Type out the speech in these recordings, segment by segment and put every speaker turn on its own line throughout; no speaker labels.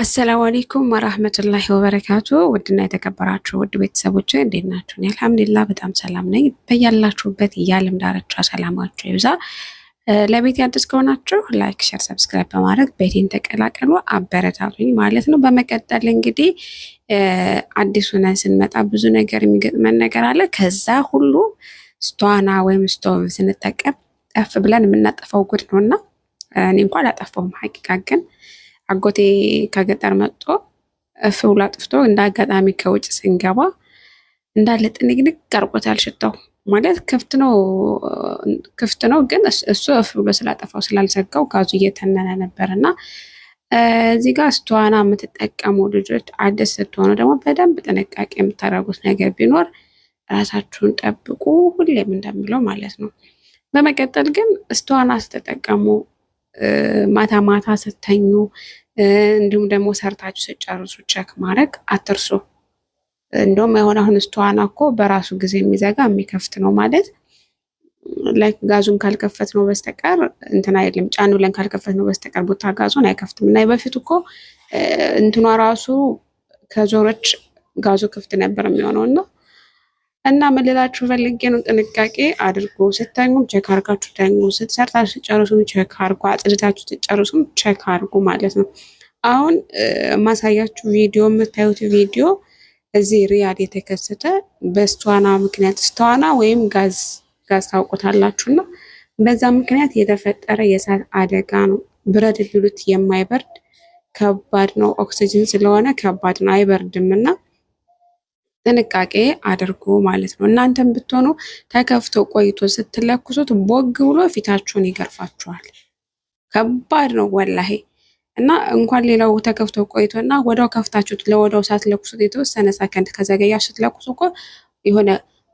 አሰላሙ አሌይኩም ወራህመቱላሂ ወበረካቱ። ውድና የተከበራችሁ ውድ ቤተሰቦች እንዴት ናችሁ? አልሐምዱሊላ በጣም ሰላም ነኝ። በያላችሁበት የዓለም ዳርቻ ሰላማችሁ ይብዛ። ለቤት አዲስ ከሆናችሁ ላይክ፣ ሸር፣ ሰብስክራይብ በማድረግ ቤቴን ተቀላቀሉ፣ አበረታቱኝ ማለት ነው። በመቀጠል እንግዲህ አዲስ ሆነን ስንመጣ ብዙ ነገር የሚገጥመን ነገር አለ። ከዛ ሁሉ ስቷና ወይም ስቶቭ ስንጠቀም ጠፍ ብለን የምናጠፋው ጉድ ነው እና እኔ እንኳን አላጠፋውም ሀቂቃ ግን አጎቴ ከገጠር መጥቶ ፍውላ ጥፍቶ እንደ አጋጣሚ ከውጭ ስንገባ እንዳለ ጥንቅንቅ አርቆታል። ሽታው ማለት ክፍት ነው ክፍት ነው፣ ግን እሱ እፍ ብሎ ስላጠፋው ስላልዘጋው ጋዙ እየተነነ ነበር እና እዚህ ጋር ስትዋና የምትጠቀሙ ልጆች አዲስ ስትሆኑ ደግሞ በደንብ ጥንቃቄ የምታደርጉት ነገር ቢኖር ራሳችሁን ጠብቁ፣ ሁሌም እንደምለው ማለት ነው። በመቀጠል ግን ስትዋና ስትጠቀሙ ማታ ማታ ስተኙ እንዲሁም ደግሞ ሰርታችሁ ስጨርሱ ቸክ ማድረግ አትርሱ። እንደውም የሆነ አሁን እስተዋና እኮ በራሱ ጊዜ የሚዘጋ የሚከፍት ነው ማለት ላይክ ጋዙን ካልከፈት ነው በስተቀር እንትን አይልም። ጫን ብለን ካልከፈት ነው በስተቀር ቦታ ጋዙን አይከፍትም። እና በፊት እኮ እንትኗ ራሱ ከዞረች ጋዙ ክፍት ነበር የሚሆነው እና እና ምልላችሁ ፈልጌ ነው ጥንቃቄ አድርጎ ስተኙም ቸክ አርጋችሁ ተኙ። ሰርታችሁ ስጨርሱም ቼክ አርጎ አጽድታችሁ ስጨርሱም ቼክ አርጎ ማለት ነው። አሁን ማሳያችሁ ቪዲዮ የምታዩት ቪዲዮ እዚህ ሪያድ የተከሰተ በስተዋና ምክንያት ስተዋና ወይም ጋዝ ጋዝ ታውቁታላችሁና በዛ ምክንያት የተፈጠረ የእሳት አደጋ ነው። ብረድ ሊሉት የማይበርድ ከባድ ነው። ኦክሲጅን ስለሆነ ከባድ ነው፣ አይበርድም እና ጥንቃቄ አድርጉ ማለት ነው። እናንተም ብትሆኑ ተከፍቶ ቆይቶ ስትለኩሱት ቦግ ብሎ ፊታችሁን ይገርፋችኋል። ከባድ ነው ወላሄ። እና እንኳን ሌላው ተከፍቶ ቆይቶ እና ወዳው ከፍታችሁት ለወዳው ሳትለኩሱት የተወሰነ ሰከንድ ከዘገያ ስትለኩሱ እኮ የሆነ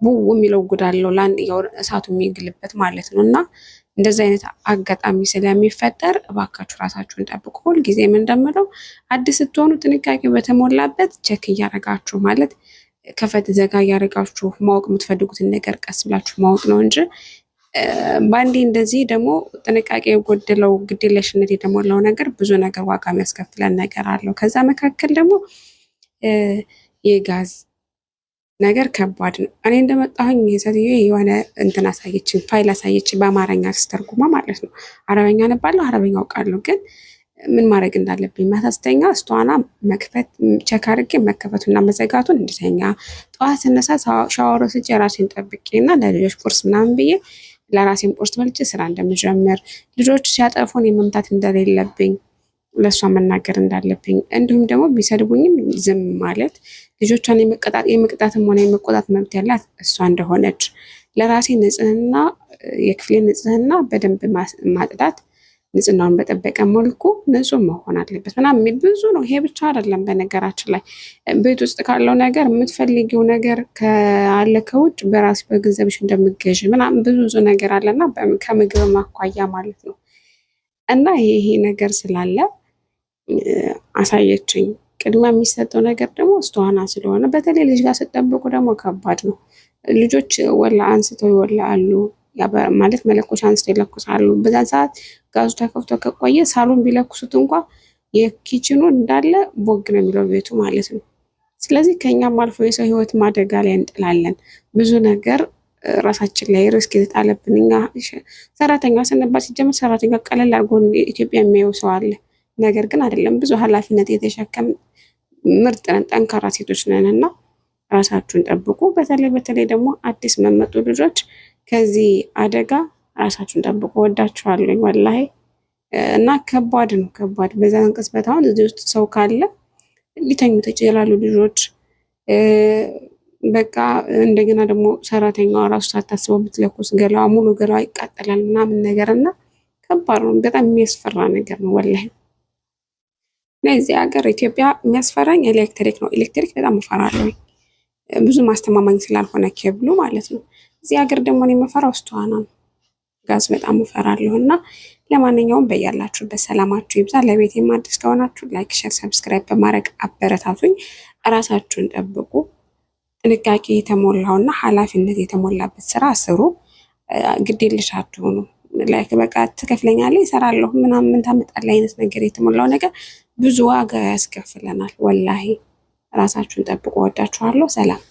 ቡው የሚለው ጉድ ለአንድ እሳቱ የሚግልበት ማለት ነው። እና እንደዚህ አይነት አጋጣሚ ስለሚፈጠር እባካችሁ ራሳችሁን ጠብቁ። ሁልጊዜም እንደምለው አዲስ ስትሆኑ ጥንቃቄ በተሞላበት ቼክ እያደረጋችሁ ማለት ከፈት ዘጋ እያደረጋችሁ ማወቅ የምትፈልጉትን ነገር ቀስ ብላችሁ ማወቅ ነው እንጂ በአንዴ እንደዚህ ደግሞ ጥንቃቄ የጎደለው ግዴለሽነት የተሞላው ነገር ብዙ ነገር ዋጋ የሚያስከፍለን ነገር አለው። ከዛ መካከል ደግሞ የጋዝ ነገር ከባድ ነው። እኔ እንደመጣሁኝ ይሄ የሆነ እንትን አሳየችን፣ ፋይል አሳየችን፣ በአማርኛ ስተርጉማ ማለት ነው። አረበኛ ነባለሁ፣ አረበኛ አውቃለሁ ግን ምን ማድረግ እንዳለብኝ ማታ ስተኛ ስቷና መክፈት ቸክ አድርጌ መከፈቱና መዘጋቱን እንድተኛ ጠዋት ስነሳ ሻዋሮ ስጭ ራሴን ጠብቄ እና ለልጆች ቁርስ ምናምን ብዬ ለራሴን ቁርስ በልቼ ስራ እንደምጀምር ልጆች ሲያጠፉን የመምታት እንደሌለብኝ ለእሷ መናገር እንዳለብኝ እንዲሁም ደግሞ ቢሰድቡኝም ዝም ማለት ልጆቿን የመቅጣትም ሆነ የመቆጣት መብት ያላት እሷ እንደሆነች ለራሴ ንጽህና የክፍሌ ንጽህና በደንብ ማጽዳት ንጽህናውን በጠበቀ መልኩ ንጹህ መሆን አለበት ምናምን ብዙ ነው። ይሄ ብቻ አይደለም። በነገራችን ላይ ቤት ውስጥ ካለው ነገር የምትፈልጊው ነገር አለ ከውጭ በራስ በገንዘብሽ እንደምገዥ ምናምን ብዙ ብዙ ነገር አለና ከምግብ ማኳያ ማለት ነው። እና ይሄ ነገር ስላለ አሳየችኝ። ቅድሚያ የሚሰጠው ነገር ደግሞ እስተዋና ስለሆነ በተለይ ልጅ ጋር ስጠብቁ ደግሞ ከባድ ነው። ልጆች ወላ አንስተው ይወላሉ። ማለት መለኮሻ አንስተው ይለኩሳሉ። በዛን ሰዓት ጋዙ ተከፍቶ ከቆየ ሳሎን ቢለኩሱት እንኳ የኪችኑ እንዳለ ቦግ ነው የሚለው ቤቱ ማለት ነው። ስለዚህ ከኛም አልፎ የሰው ህይወት አደጋ ላይ እንጥላለን። ብዙ ነገር ራሳችን ላይ ሪስክ የተጣለብን እኛ ሰራተኛ ስንባል ሲጀምር ሰራተኛ ቀለል አድርጎ ኢትዮጵያ የሚያየው ሰው አለ። ነገር ግን አይደለም። ብዙ ኃላፊነት የተሸከም ምርጥ ነን፣ ጠንካራ ሴቶች ነን እና ራሳችሁን ጠብቁ። በተለይ በተለይ ደግሞ አዲስ መመጡ ልጆች ከዚህ አደጋ ራሳችሁን ጠብቁ። ወዳችኋለኝ ወላሂ እና ከባድ ነው ከባድ። በዛን ቅጽበት አሁን እዚህ ውስጥ ሰው ካለ ሊተኙ ይችላሉ ልጆች። በቃ እንደገና ደግሞ ሰራተኛዋ ራሱ ሳታስበው ብትለኩስ ገላዋ ሙሉ ገላዋ ይቃጠላል ምናምን ነገር እና ከባድ ነው። በጣም የሚያስፈራ ነገር ነው ወላሂ። እና ሀገር ኢትዮጵያ የሚያስፈራኝ ኤሌክትሪክ ነው። ኤሌክትሪክ በጣም እፈራለሁ። ብዙ ማስተማማኝ ስላልሆነ ኬብሉ ማለት ነው። እዚህ ሀገር ደግሞ ነው የምፈራው እስተዋና ነው ጋዝ በጣም እፈራለሁ እና ለማንኛውም በያላችሁበት ሰላማችሁ ይብዛ። ለቤት የማድስ ከሆናችሁ ላይክ፣ ሸር፣ ሰብስክራይብ በማድረግ አበረታቱኝ። እራሳችሁን ጠብቁ። ጥንቃቄ የተሞላውና ኃላፊነት የተሞላበት ስራ ስሩ። ግዴለሽ አትሁኑ። ላይክ በቃ ትከፍለኛለህ ይሰራለሁ ምናምን ታመጣለህ አይነት ነገር የተሞላው ነገር ብዙ ዋጋ ያስከፍለናል ወላሄ ራሳችሁን ጠብቁ። ወዳችኋለሁ። ሰላም